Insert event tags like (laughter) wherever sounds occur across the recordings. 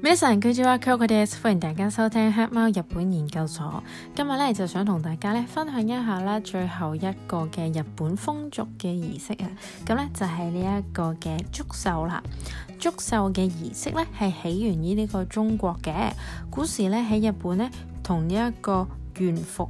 皆さんこんにちは。Kyoko です。歡迎大家收聽黑貓日本研究所。今日咧就想同大家咧分享一下啦，最後一個嘅日本風俗嘅儀式啊。咁咧就係呢一個嘅祝壽啦。祝壽嘅儀式咧係起源於呢個中國嘅。古時咧喺日本咧同呢一個元服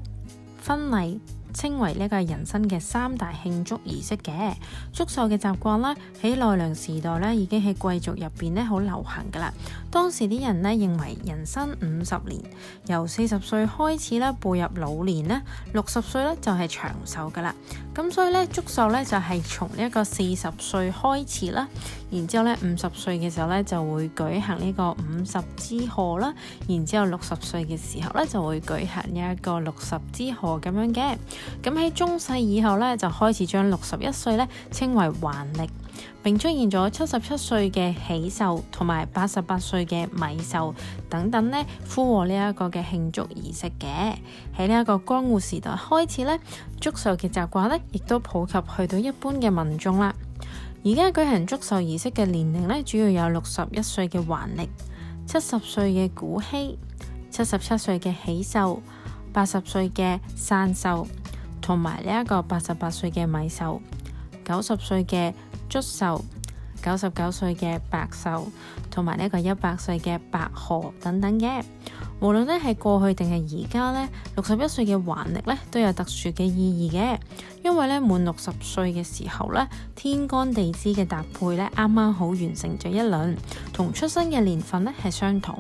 婚禮，稱為呢個人生嘅三大慶祝儀式嘅祝壽嘅習慣啦。喺奈良時代咧已經喺貴族入邊咧好流行噶啦。當時啲人咧認為人生五十年，由四十歲開始咧步入老年咧，六十歲咧就係長壽噶啦。咁所以咧祝壽咧就係從呢一個四十歲開始啦，然之後咧五十歲嘅時候咧就會舉行呢個五十之賀啦，然之後六十歲嘅時候咧就會舉行呢一個六十之賀咁樣嘅。咁喺中世以後咧，就開始將六十一歲咧稱為還曆，並出現咗七十七歲嘅喜壽同埋八十八歲嘅米壽等等呢呼和呢一個嘅慶祝儀式嘅。喺呢一個江戶時代開始咧，祝壽嘅習慣呢亦都普及去到一般嘅民眾啦。而家舉行祝壽儀式嘅年齡呢，主要有六十一歲嘅還曆、七十歲嘅古稀、七十七歲嘅喜壽、八十歲嘅傘壽。同埋呢一個八十八歲嘅米壽，九十歲嘅卒壽，九十九歲嘅白壽，同埋呢一個一百歲嘅白鶴等等嘅。無論咧係過去定係而家呢，六十一歲嘅還曆咧都有特殊嘅意義嘅。因為咧滿六十歲嘅時候咧，天干地支嘅搭配咧，啱啱好完成咗一輪，同出生嘅年份咧係相同，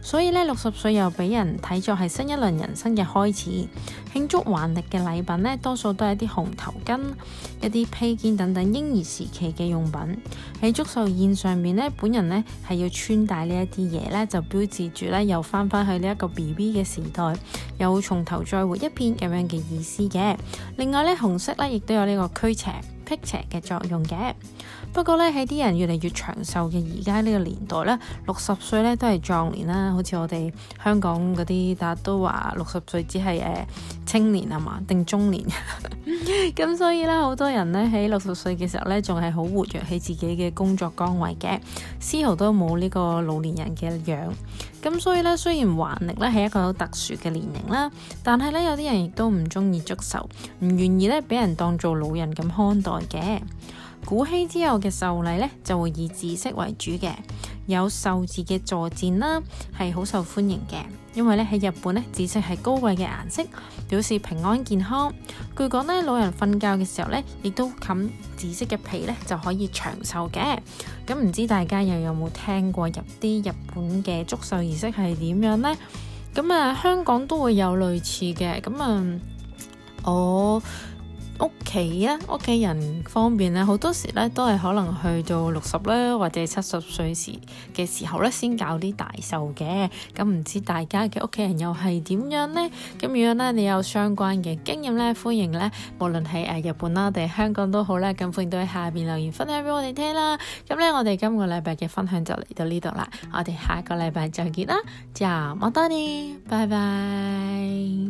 所以咧六十歲又俾人睇作係新一輪人生嘅開始。慶祝還暦嘅禮品咧，多數都係一啲紅頭巾、一啲披肩等等嬰兒時期嘅用品。喺祝壽宴上面咧，本人咧係要穿戴呢一啲嘢咧，就標誌住咧又翻返去呢一個 B B 嘅時代，又從頭再活一遍咁樣嘅意思嘅。另外咧紅色亦都有呢個驅邪辟邪嘅作用嘅。不過呢，喺啲人越嚟越長壽嘅而家呢個年代咧，六十歲咧都係壯年啦。好似我哋香港嗰啲，大家都話六十歲只係誒、啊、青年吖嘛，定中年？ (laughs) 咁 (laughs) 所以咧，好多人咧喺六十歲嘅時候咧，仲係好活躍喺自己嘅工作崗位嘅，絲毫都冇呢個老年人嘅樣。咁所以咧，雖然還曆咧係一個好特殊嘅年齡啦，但係咧有啲人亦都唔中意祝壽，唔願意咧俾人當做老人咁看待嘅。古稀之後嘅壽禮咧，就會以紫色為主嘅。有壽字嘅坐墊啦，係好受歡迎嘅，因為咧喺日本咧紫色係高貴嘅顏色，表示平安健康。據講咧，老人瞓覺嘅時候咧，亦都冚紫色嘅被咧就可以長壽嘅。咁、嗯、唔知大家又有冇聽過入啲日本嘅祝壽儀式係點樣呢？咁、嗯、啊，香港都會有類似嘅咁，啊，我、嗯。哦屋企啊，屋企人方面咧，好多時咧都係可能去到六十啦，或者七十歲時嘅時候咧，先搞啲大壽嘅。咁唔知大家嘅屋企人又係點樣呢？咁如果咧你有相關嘅經驗咧，歡迎咧，無論喺誒日本啦，或者香港都好啦，咁歡迎都喺下邊留言分享俾我哋聽啦。咁咧，我哋今個禮拜嘅分享就嚟到呢度啦，我哋下個禮拜再見啦，之後冇拜拜。